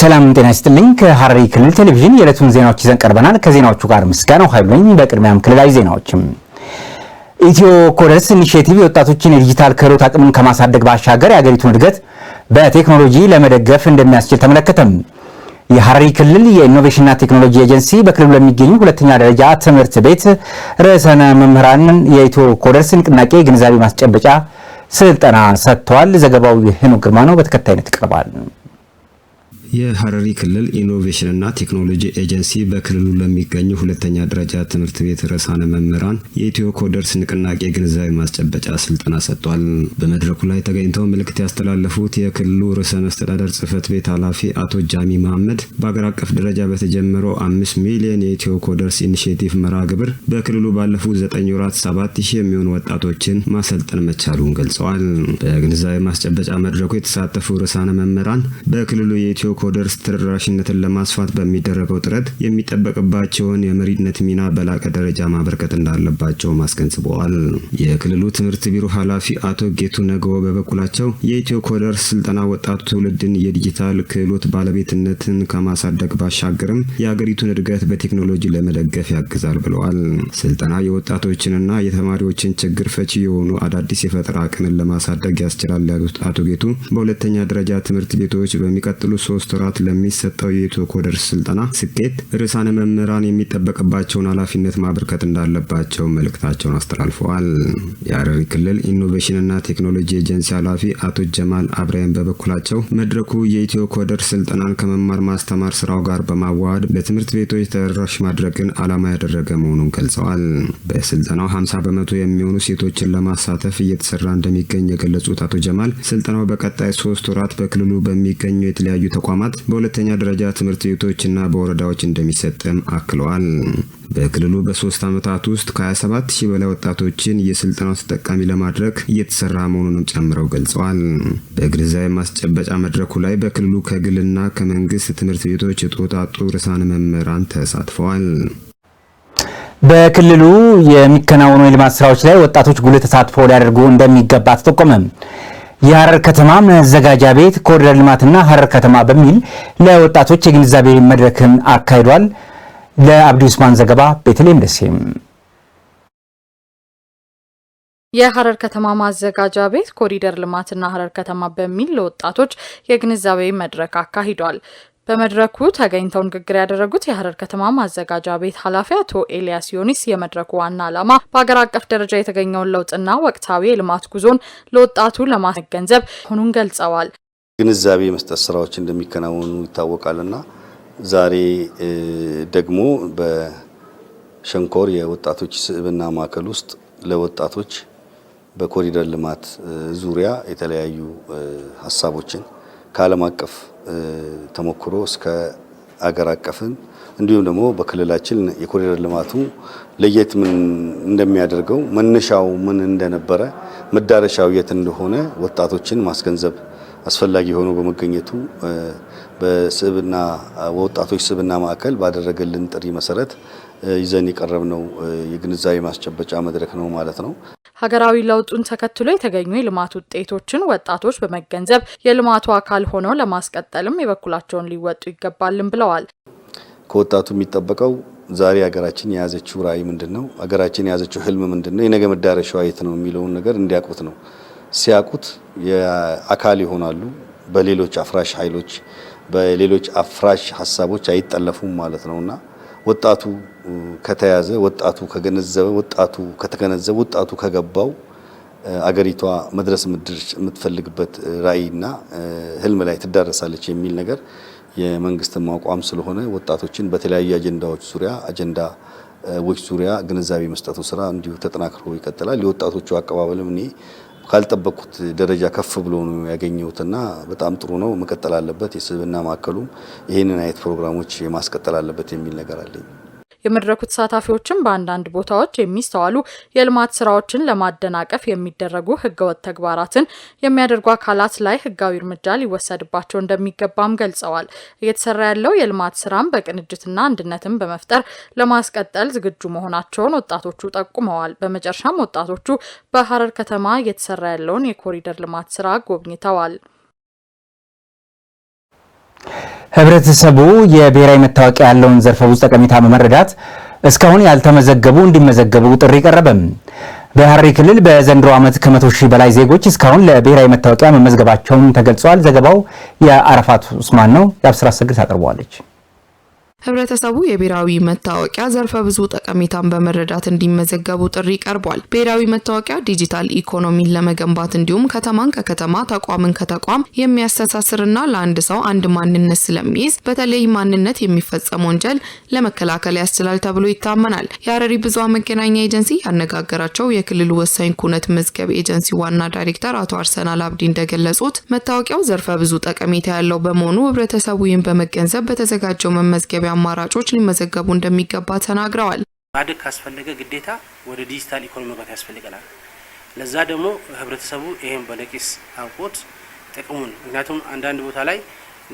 ሰላም ጤና ይስጥልኝ። ከሐረሪ ክልል ቴሌቪዥን የዕለቱን ዜናዎች ይዘን ቀርበናል። ከዜናዎቹ ጋር ምስጋናው ኃይሉ ነኝ። በቅድሚያም ክልላዊ ዜናዎችም ኢትዮ ኮደርስ ኢኒሽቲቭ የወጣቶችን የዲጂታል ክህሎት አቅምን ከማሳደግ ባሻገር የአገሪቱን እድገት በቴክኖሎጂ ለመደገፍ እንደሚያስችል ተመለከተም። የሐረሪ ክልል የኢኖቬሽንና ቴክኖሎጂ ኤጀንሲ በክልሉ ለሚገኙ ሁለተኛ ደረጃ ትምህርት ቤት ርዕሰነ መምህራን የኢትዮ ኮደርስ ንቅናቄ ግንዛቤ ማስጨበጫ ስልጠና ሰጥተዋል። ዘገባው ይህኑ ግርማ ነው፣ በተከታይነት ይቀርባል። የሐረሪ ክልል ኢኖቬሽንና ቴክኖሎጂ ኤጀንሲ በክልሉ ለሚገኙ ሁለተኛ ደረጃ ትምህርት ቤት ርዕሳነ መምህራን የኢትዮ ኮደርስ ንቅናቄ ግንዛቤ ማስጨበጫ ስልጠና ሰጥቷል። በመድረኩ ላይ ተገኝተው መልእክት ያስተላለፉት የክልሉ ርዕሰ መስተዳደር ጽህፈት ቤት ኃላፊ አቶ ጃሚ መሐመድ በአገር አቀፍ ደረጃ በተጀመረው አምስት ሚሊዮን የኢትዮ ኮደርስ ኢኒሽቲቭ መርሃ ግብር በክልሉ ባለፉት ዘጠኝ ወራት ሰባት ሺህ የሚሆኑ ወጣቶችን ማሰልጠን መቻሉን ገልጸዋል። በግንዛቤ ማስጨበጫ መድረኩ የተሳተፉ ርዕሳነ መምህራን በክልሉ የኢትዮ የኢኮደርስ ተደራሽነትን ለማስፋት በሚደረገው ጥረት የሚጠበቅባቸውን የመሪነት ሚና በላቀ ደረጃ ማበርከት እንዳለባቸው አስገንዝበዋል። የክልሉ ትምህርት ቢሮ ኃላፊ አቶ ጌቱ ነገዎ በበኩላቸው የኢትዮ ኮደርስ ስልጠና ወጣቱ ትውልድን የዲጂታል ክህሎት ባለቤትነትን ከማሳደግ ባሻገርም የአገሪቱን እድገት በቴክኖሎጂ ለመደገፍ ያግዛል ብለዋል። ስልጠና የወጣቶችንና የተማሪዎችን ችግር ፈቺ የሆኑ አዳዲስ የፈጠራ አቅምን ለማሳደግ ያስችላል ያሉት አቶ ጌቱ በሁለተኛ ደረጃ ትምህርት ቤቶች በሚቀጥሉ ሶስት ሶስት ወራት ለሚሰጠው የኢትዮ ኮደርስ ስልጠና ስኬት ርዕሳነ መምህራን የሚጠበቅባቸውን ኃላፊነት ማበርከት እንዳለባቸው መልእክታቸውን አስተላልፈዋል። የሐረሪ ክልል ኢኖቬሽንና ቴክኖሎጂ ኤጀንሲ ኃላፊ አቶ ጀማል አብርሃም በበኩላቸው መድረኩ የኢትዮ ኮደርስ ስልጠናን ከመማር ማስተማር ስራው ጋር በማዋሃድ ለትምህርት ቤቶች ተደራሽ ማድረግን ዓላማ ያደረገ መሆኑን ገልጸዋል። በስልጠናው 50 በመቶ የሚሆኑ ሴቶችን ለማሳተፍ እየተሰራ እንደሚገኝ የገለጹት አቶ ጀማል ስልጠናው በቀጣይ ሶስት ወራት በክልሉ በሚገኙ የተለያዩ ተቋ ተቋማት በሁለተኛ ደረጃ ትምህርት ቤቶችና በወረዳዎች እንደሚሰጥም አክለዋል። በክልሉ በሶስት ዓመታት ውስጥ ከ27 ሺህ በላይ ወጣቶችን የስልጠናው ተጠቃሚ ለማድረግ እየተሰራ መሆኑንም ጨምረው ገልጸዋል። በግንዛቤ ማስጨበጫ መድረኩ ላይ በክልሉ ከግልና ከመንግስት ትምህርት ቤቶች የተወጣጡ ርዕሳነ መምህራን ተሳትፈዋል። በክልሉ የሚከናወኑ የልማት ስራዎች ላይ ወጣቶች ጉልህ ተሳትፎ ሊያደርጉ እንደሚገባ ተጠቆመም። የሐረር ከተማ መዘጋጃ ቤት ኮሪደር ልማትና ሐረር ከተማ በሚል ለወጣቶች የግንዛቤ መድረክን አካሂዷል። ለአብዲ ኡስማን ዘገባ ቤተልሔም ደሴም የሐረር ከተማ ማዘጋጃ ቤት ኮሪደር ልማትና ሐረር ከተማ በሚል ለወጣቶች የግንዛቤ መድረክ አካሂዷል። በመድረኩ ተገኝተው ንግግር ያደረጉት የሀረር ከተማ ማዘጋጃ ቤት ኃላፊ አቶ ኤልያስ ዮኒስ የመድረኩ ዋና ዓላማ በሀገር አቀፍ ደረጃ የተገኘውን ለውጥና ወቅታዊ የልማት ጉዞን ለወጣቱ ለማስገንዘብ መሆኑን ገልጸዋል። ግንዛቤ የመስጠት ስራዎች እንደሚከናወኑ ይታወቃልና ዛሬ ደግሞ በሸንኮር የወጣቶች ስብዕና ማዕከል ውስጥ ለወጣቶች በኮሪደር ልማት ዙሪያ የተለያዩ ሀሳቦችን ከዓለም አቀፍ ተሞክሮ እስከ አገር አቀፍን እንዲሁም ደግሞ በክልላችን የኮሪደር ልማቱ ለየት ምን እንደሚያደርገው መነሻው ምን እንደነበረ መዳረሻው የት እንደሆነ ወጣቶችን ማስገንዘብ አስፈላጊ ሆኖ በመገኘቱ በስብና ወጣቶች ስብና ማዕከል ባደረገልን ጥሪ መሰረት ይዘን የቀረብነው የግንዛቤ ማስጨበጫ መድረክ ነው ማለት ነው። ሀገራዊ ለውጡን ተከትሎ የተገኙ የልማት ውጤቶችን ወጣቶች በመገንዘብ የልማቱ አካል ሆነው ለማስቀጠልም የበኩላቸውን ሊወጡ ይገባልም ብለዋል። ከወጣቱ የሚጠበቀው ዛሬ ሀገራችን የያዘችው ራዕይ ምንድን ነው? ሀገራችን የያዘችው ህልም ምንድን ነው? የነገ መዳረሻዋ የት ነው የሚለውን ነገር እንዲያውቁት ነው። ሲያውቁት አካል ይሆናሉ። በሌሎች አፍራሽ ኃይሎች፣ በሌሎች አፍራሽ ሀሳቦች አይጠለፉም ማለት ነውና ወጣቱ ከተያዘ፣ ወጣቱ ከገነዘበ፣ ወጣቱ ከተገነዘበ፣ ወጣቱ ከገባው አገሪቷ መድረስ የምትፈልግበት ራዕይና ህልም ላይ ትዳረሳለች የሚል ነገር የመንግስት አቋም ስለሆነ ወጣቶችን በተለያዩ አጀንዳዎች ዙሪያ አጀንዳ ዎች ዙሪያ ግንዛቤ መስጠቱ ስራ እንዲሁ ተጠናክሮ ይቀጥላል። የወጣቶቹ አቀባበልም እኔ ካልጠበቅኩት ደረጃ ከፍ ብሎ ነው ያገኘሁትና በጣም ጥሩ ነው፣ መቀጠል አለበት። የስብና ማዕከሉም ይህንን አይነት ፕሮግራሞች የማስቀጠል አለበት የሚል ነገር አለኝ። የመድረኩ ተሳታፊዎችም በአንዳንድ ቦታዎች የሚስተዋሉ የልማት ስራዎችን ለማደናቀፍ የሚደረጉ ህገወጥ ተግባራትን የሚያደርጉ አካላት ላይ ህጋዊ እርምጃ ሊወሰድባቸው እንደሚገባም ገልጸዋል። እየተሰራ ያለው የልማት ስራም በቅንጅትና አንድነትን በመፍጠር ለማስቀጠል ዝግጁ መሆናቸውን ወጣቶቹ ጠቁመዋል። በመጨረሻም ወጣቶቹ በሀረር ከተማ እየተሰራ ያለውን የኮሪደር ልማት ስራ ጎብኝተዋል። ህብረተሰቡ የብሔራዊ መታወቂያ ያለውን ዘርፈ ብዙ ጠቀሜታ በመረዳት እስካሁን ያልተመዘገቡ እንዲመዘገቡ ጥሪ ቀረበም። በሐረሪ ክልል በዘንድሮ ዓመት ከመቶ ሺህ በላይ ዜጎች እስካሁን ለብሔራዊ መታወቂያ መመዝገባቸውን ተገልጿል። ዘገባው የአረፋት ኡስማን ነው። የአብስራ ስግድ ታቀርበዋለች። ህብረተሰቡ የብሔራዊ መታወቂያ ዘርፈ ብዙ ጠቀሜታን በመረዳት እንዲመዘገቡ ጥሪ ቀርቧል። ብሔራዊ መታወቂያ ዲጂታል ኢኮኖሚን ለመገንባት እንዲሁም ከተማን ከከተማ ተቋምን ከተቋም የሚያስተሳስርና ለአንድ ሰው አንድ ማንነት ስለሚይዝ በተለይ ማንነት የሚፈጸም ወንጀል ለመከላከል ያስችላል ተብሎ ይታመናል። የሀረሪ ብዙሃን መገናኛ ኤጀንሲ ያነጋገራቸው የክልሉ ወሳኝ ኩነት መዝገብ ኤጀንሲ ዋና ዳይሬክተር አቶ አርሰናል አብዲ እንደገለጹት መታወቂያው ዘርፈ ብዙ ጠቀሜታ ያለው በመሆኑ ህብረተሰቡ ይህን በመገንዘብ በተዘጋጀው መመዝገቢያ አማራጮች ሊመዘገቡ እንደሚገባ ተናግረዋል። ማደግ ካስፈለገ ግዴታ ወደ ዲጂታል ኢኮኖሚ መግባት ያስፈልገናል። ለዛ ደግሞ ህብረተሰቡ ይሄን በነቂስ አውቆት ጥቅሙን ምክንያቱም አንዳንድ ቦታ ላይ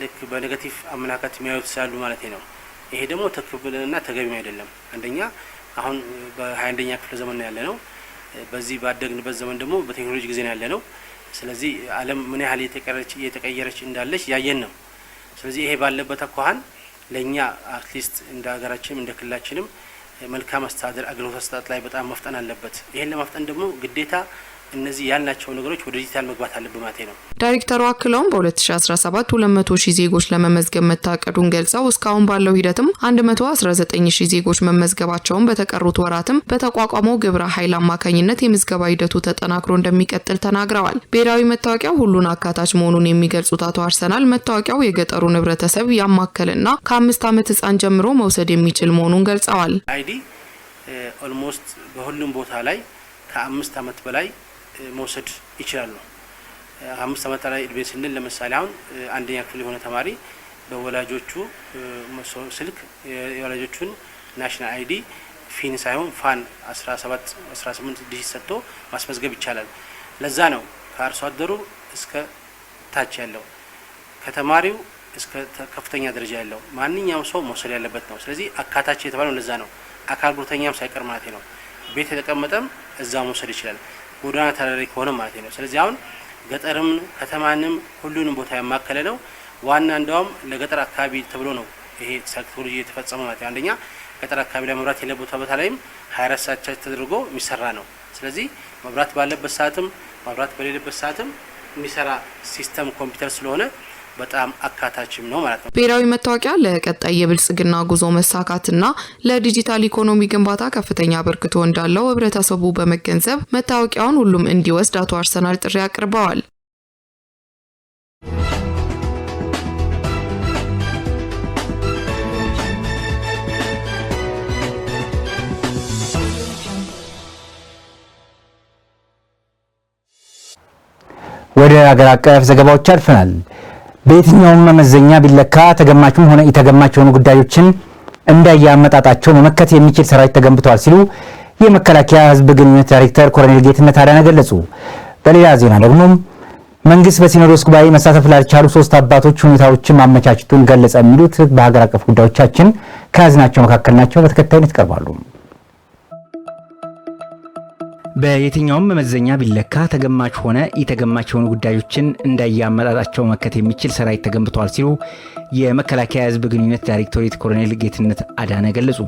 ልክ በኔጋቲቭ አመላካት የሚያዩት ስላሉ ማለት ነው። ይሄ ደግሞ ትክክልና ተገቢም አይደለም። አንደኛ አሁን በሀያ አንደኛ ክፍለ ዘመን ነው ያለ ነው። በዚህ ባደግንበት ዘመን ደግሞ በቴክኖሎጂ ጊዜ ነው ያለ ነው። ስለዚህ ዓለም ምን ያህል እየተቀየረች እንዳለች ያየን ነው። ስለዚህ ይሄ ባለበት አኳኋን ለእኛ አትሊስት እንደ ሀገራችንም እንደ ክልላችንም መልካም አስተዳደር አገልግሎት አሰጣጥ ላይ በጣም መፍጠን አለበት። ይህን ለማፍጠን ደግሞ ግዴታ እነዚህ ያልናቸው ነገሮች ወደ ዲጂታል መግባት አለብ ማለት ነው። ዳይሬክተሩ አክለውም በ2017 200 ሺህ ዜጎች ለመመዝገብ መታቀዱን ገልጸው እስካሁን ባለው ሂደትም 119 ሺህ ዜጎች መመዝገባቸውን በተቀሩት ወራትም በተቋቋመው ግብረ ኃይል አማካኝነት የምዝገባ ሂደቱ ተጠናክሮ እንደሚቀጥል ተናግረዋል። ብሔራዊ መታወቂያው ሁሉን አካታች መሆኑን የሚገልጹት አቶ አርሰናል መታወቂያው የገጠሩን ህብረተሰብ ያማከልና ከአምስት ዓመት ህፃን ጀምሮ መውሰድ የሚችል መሆኑን ገልጸዋል። አይዲ ኦልሞስት በሁሉም ቦታ ላይ ከአምስት ዓመት በላይ መውሰድ ይችላሉ። አምስት ዓመት ላይ እድሜ ስንል ለምሳሌ አሁን አንደኛ ክፍል የሆነ ተማሪ በወላጆቹ ስልክ የወላጆቹን ናሽናል አይዲ ፊን ሳይሆን ፋን 17 18 ዲጂት ሰጥቶ ማስመዝገብ ይቻላል። ለዛ ነው ከአርሶ አደሩ እስከ ታች ያለው ከተማሪው እስከ ከፍተኛ ደረጃ ያለው ማንኛውም ሰው መውሰድ ያለበት ነው። ስለዚህ አካታች የተባለው ለዛ ነው። አካል ጉርተኛም ሳይቀር ማለት ነው። ቤት የተቀመጠም እዛ መውሰድ ይችላል። ጎዳና ተራሪ ከሆነ ማለት ነው። ስለዚህ አሁን ገጠርም ከተማንም ሁሉንም ቦታ ያማከለ ነው። ዋና እንደውም ለገጠር አካባቢ ተብሎ ነው ይሄ ቴክኖሎጂ የተፈጸመ ማለት ነው። አንደኛ ገጠር አካባቢ ላይ መብራት የሌለበት ቦታ ላይም ሀያ አራት ሰዓት ቻርጅ ተደርጎ የሚሰራ ነው። ስለዚህ መብራት ባለበት ሰዓትም መብራት በሌለበት ሰዓትም የሚሰራ ሲስተም ኮምፒውተር ስለሆነ በጣም አካታችም ነው ማለት ነው። ብሔራዊ መታወቂያ ለቀጣይ የብልጽግና ጉዞ መሳካትና ለዲጂታል ኢኮኖሚ ግንባታ ከፍተኛ አበርክቶ እንዳለው ህብረተሰቡ በመገንዘብ መታወቂያውን ሁሉም እንዲወስድ አቶ አርሰናል ጥሪ አቅርበዋል። ወደ ሀገር አቀፍ ዘገባዎች አልፈናል። በየትኛውም መመዘኛ ቢለካ ተገማችም ሆነ ኢተገማች የሆኑ ጉዳዮችን እንዳያመጣጣቸው መመከት የሚችል ሰራዊት ተገንብተዋል ሲሉ የመከላከያ ህዝብ ግንኙነት ዳይሬክተር ኮሎኔል ጌትነት አዳነ ገለጹ። በሌላ ዜና ደግሞ መንግስት በሲኖዶስ ጉባኤ መሳተፍ ላልቻሉ ሶስት አባቶች ሁኔታዎችን ማመቻቸቱን ገለጸ። የሚሉት በሀገር አቀፍ ጉዳዮቻችን ከያዝናቸው መካከል ናቸው። በተከታይነት ይቀርባሉ። በየትኛውም መመዘኛ ቢለካ ተገማች ሆነ የተገማች የሆኑ ጉዳዮችን እንዳያመጣጣቸው መከት የሚችል ሰራዊት ተገንብተዋል ሲሉ የመከላከያ ህዝብ ግንኙነት ዳይሬክቶሬት ኮሎኔል ጌትነት አዳነ ገለጹ።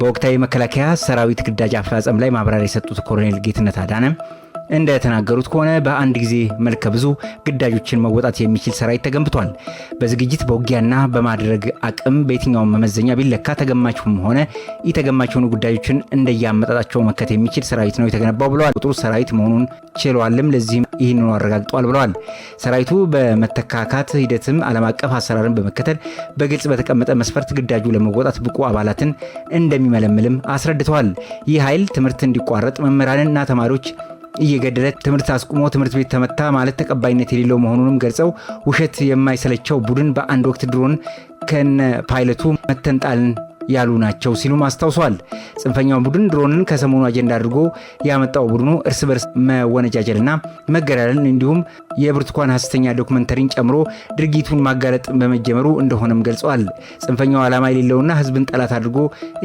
በወቅታዊ መከላከያ ሰራዊት ግዳጅ አፈጻጸም ላይ ማብራሪያ የሰጡት ኮሎኔል ጌትነት አዳነ እንደተናገሩት ከሆነ በአንድ ጊዜ መልከ ብዙ ግዳጆችን መወጣት የሚችል ሰራዊት ተገንብቷል። በዝግጅት በውጊያና በማድረግ አቅም በየትኛውም መመዘኛ ቢለካ ተገማችም ሆነ ኢተገማች የሆኑ ጉዳዮችን እንደያመጣጣቸው መከት የሚችል ሰራዊት ነው የተገነባው ብለዋል። ቁጥሩ ሰራዊት መሆኑን ችሏልም፣ ለዚህም ይህንኑ አረጋግጧል ብለዋል። ሰራዊቱ በመተካካት ሂደትም ዓለም አቀፍ አሰራርን በመከተል በግልጽ በተቀመጠ መስፈርት ግዳጁ ለመወጣት ብቁ አባላትን እንደሚመለምልም አስረድተዋል። ይህ ኃይል ትምህርት እንዲቋረጥ መምህራንና ተማሪዎች እየገደለ ትምህርት አስቁሞ ትምህርት ቤት ተመታ ማለት ተቀባይነት የሌለው መሆኑንም ገልጸው ውሸት የማይሰለቸው ቡድን በአንድ ወቅት ድሮን ከነ ፓይለቱ መተንጣልን ያሉ ናቸው ሲሉም አስታውሰዋል። ጽንፈኛው ቡድን ድሮንን ከሰሞኑ አጀንዳ አድርጎ ያመጣው ቡድኑ እርስ በርስ መወነጃጀልና መገዳደልን እንዲሁም የብርቱካን ሐሰተኛ ዶክመንተሪን ጨምሮ ድርጊቱን ማጋለጥ በመጀመሩ እንደሆነም ገልጸዋል። ጽንፈኛው ዓላማ የሌለውና ህዝብን ጠላት አድርጎ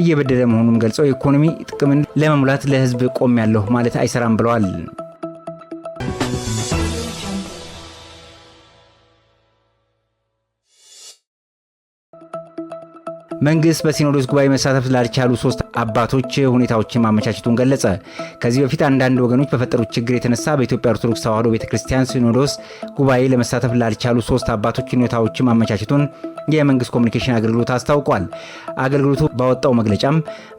እየበደለ መሆኑን ገልጸው የኢኮኖሚ ጥቅምን ለመሙላት ለህዝብ ቆም ያለሁ ማለት አይሰራም ብለዋል። መንግስት በሲኖዶስ ጉባኤ መሳተፍ ላልቻሉ ሶስት አባቶች ሁኔታዎችን ማመቻቸቱን ገለጸ። ከዚህ በፊት አንዳንድ ወገኖች በፈጠሩት ችግር የተነሳ በኢትዮጵያ ኦርቶዶክስ ተዋሕዶ ቤተክርስቲያን ሲኖዶስ ጉባኤ ለመሳተፍ ላልቻሉ ሶስት አባቶች ሁኔታዎችን ማመቻቸቱን የመንግስት ኮሚኒኬሽን አገልግሎት አስታውቋል። አገልግሎቱ ባወጣው መግለጫም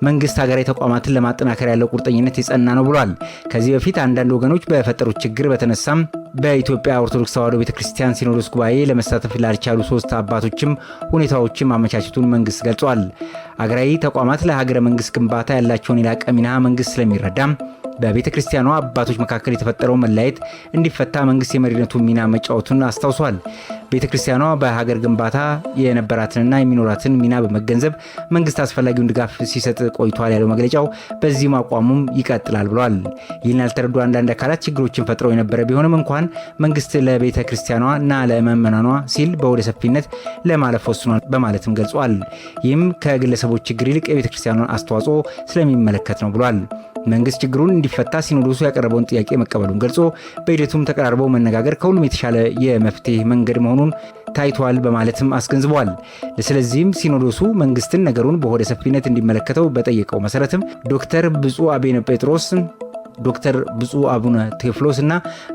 መንግስት ሀገራዊ ተቋማትን ለማጠናከር ያለው ቁርጠኝነት የጸና ነው ብሏል። ከዚህ በፊት አንዳንድ ወገኖች በፈጠሩት ችግር በተነሳም በኢትዮጵያ ኦርቶዶክስ ተዋሕዶ ቤተክርስቲያን ሲኖዶስ ጉባኤ ለመሳተፍ ላልቻሉ ሶስት አባቶችም ሁኔታዎችን ማመቻቸቱን መንግስት ገልጿል። አገራዊ ተቋማት ለሀገረ መንግስት ግንባታ ያላቸውን የላቀ ሚና መንግስት ስለሚረዳም በቤተ ክርስቲያኗ አባቶች መካከል የተፈጠረው መለያየት እንዲፈታ መንግስት የመሪነቱ ሚና መጫወቱን አስታውሷል። ቤተ ክርስቲያኗ በሀገር ግንባታ የነበራትንና የሚኖራትን ሚና በመገንዘብ መንግስት አስፈላጊውን ድጋፍ ሲሰጥ ቆይቷል ያለው መግለጫው፣ በዚህም አቋሙም ይቀጥላል ብሏል። ይህን ያልተረዱ አንዳንድ አካላት ችግሮችን ፈጥረው የነበረ ቢሆንም እንኳን መንግስት ለቤተ ክርስቲያኗ እና ለምዕመናኗ ሲል በወደ ሰፊነት ለማለፍ ወስኗል በማለትም ገልጿል። ይህም ከግለሰቦች ችግር ይልቅ የቤተ ክርስቲያኗን አስተዋጽኦ ስለሚመለከት ነው ብሏል። መንግስት ችግሩን እንዲፈታ ሲኖዶሱ ያቀረበውን ጥያቄ መቀበሉን ገልጾ በሂደቱም ተቀራርበው መነጋገር ከሁሉም የተሻለ የመፍትሄ መንገድ መሆኑን ታይቷል በማለትም አስገንዝበዋል። ስለዚህም ሲኖዶሱ መንግስትን ነገሩን በሆደ ሰፊነት እንዲመለከተው በጠየቀው መሰረትም ዶክተር ብፁዕ አቡነ ጴጥሮስ ዶክተር ብፁዕ አቡነ ቴዎፍሎስ እና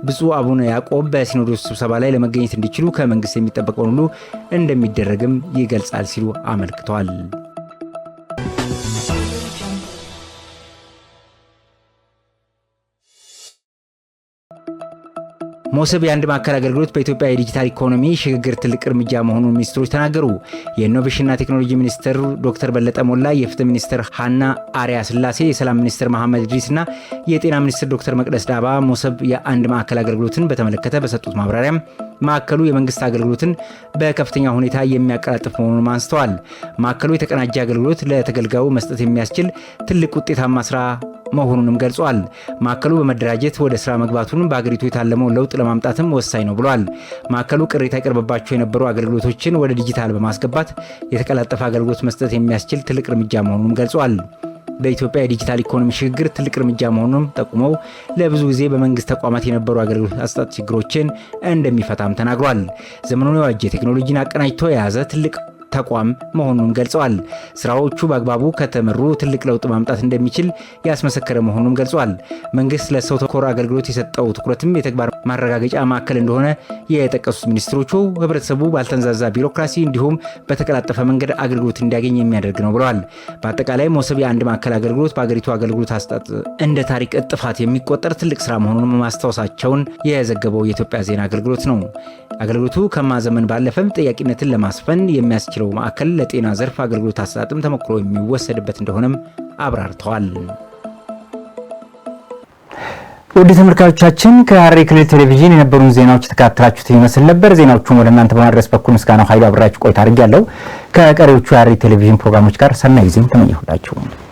ብፁዕ አቡነ ያዕቆብ በሲኖዶስ ስብሰባ ላይ ለመገኘት እንዲችሉ ከመንግስት የሚጠበቀውን ሁሉ እንደሚደረግም ይገልጻል ሲሉ አመልክተዋል። ሞስብ የአንድ ማዕከል አገልግሎት በኢትዮጵያ የዲጂታል ኢኮኖሚ ሽግግር ትልቅ እርምጃ መሆኑን ሚኒስትሮች ተናገሩ። የኢኖቬሽንና ቴክኖሎጂ ሚኒስትር ዶክተር በለጠ ሞላ፣ የፍትህ ሚኒስትር ሀና አሪያ ስላሴ፣ የሰላም ሚኒስትር መሐመድ እድሪስ እና የጤና ሚኒስትር ዶክተር መቅደስ ዳባ ሞስብ የአንድ ማዕከል አገልግሎትን በተመለከተ በሰጡት ማብራሪያም ማዕከሉ የመንግስት አገልግሎትን በከፍተኛ ሁኔታ የሚያቀላጥፍ መሆኑን አንስተዋል። ማዕከሉ የተቀናጀ አገልግሎት ለተገልጋዩ መስጠት የሚያስችል ትልቅ ውጤታማ ስራ መሆኑንም ገልጿል። ማዕከሉ በመደራጀት ወደ ስራ መግባቱን በአገሪቱ የታለመውን ለውጥ ለማምጣትም ወሳኝ ነው ብሏል። ማዕከሉ ቅሬታ ይቀርብባቸው የነበሩ አገልግሎቶችን ወደ ዲጂታል በማስገባት የተቀላጠፈ አገልግሎት መስጠት የሚያስችል ትልቅ እርምጃ መሆኑንም ገልጿል። በኢትዮጵያ የዲጂታል ኢኮኖሚ ሽግግር ትልቅ እርምጃ መሆኑንም ጠቁመው ለብዙ ጊዜ በመንግስት ተቋማት የነበሩ አገልግሎት አሰጣጥ ችግሮችን እንደሚፈታም ተናግሯል። ዘመኑን የዋጀ ቴክኖሎጂን አቀናጅቶ የያዘ ትልቅ ተቋም መሆኑን ገልጸዋል። ስራዎቹ በአግባቡ ከተመሩ ትልቅ ለውጥ ማምጣት እንደሚችል ያስመሰከረ መሆኑን ገልጿል። መንግስት ለሰው ተኮር አገልግሎት የሰጠው ትኩረትም የተግባር ማረጋገጫ ማዕከል እንደሆነ የጠቀሱት ሚኒስትሮቹ ህብረተሰቡ ባልተንዛዛ ቢሮክራሲ እንዲሁም በተቀላጠፈ መንገድ አገልግሎት እንዲያገኝ የሚያደርግ ነው ብለዋል። በአጠቃላይ መሶብ የአንድ ማዕከል አገልግሎት በአገሪቱ አገልግሎት አሰጣጥ እንደ ታሪክ እጥፋት የሚቆጠር ትልቅ ስራ መሆኑን ማስታወሳቸውን የዘገበው የኢትዮጵያ ዜና አገልግሎት ነው። አገልግሎቱ ከማዘመን ባለፈም ተጠያቂነትን ለማስፈን የሚያስችለው ማዕከል ለጤና ዘርፍ አገልግሎት አሰጣጥም ተሞክሮ የሚወሰድበት እንደሆነም አብራርተዋል። ውድ ተመልካቾቻችን ከሐረሪ ክልል ቴሌቪዥን የነበሩን ዜናዎች የተከታተላችሁት ይመስል ነበር። ዜናዎቹን ወደ እናንተ በማድረስ በኩል ምስጋናው ኃይሉ አብራችሁ ቆይታ አድርጊያለሁ። ከቀሪዎቹ የሐረሪ ቴሌቪዥን ፕሮግራሞች ጋር ሰናይ ጊዜም ተመኘሁላችሁ።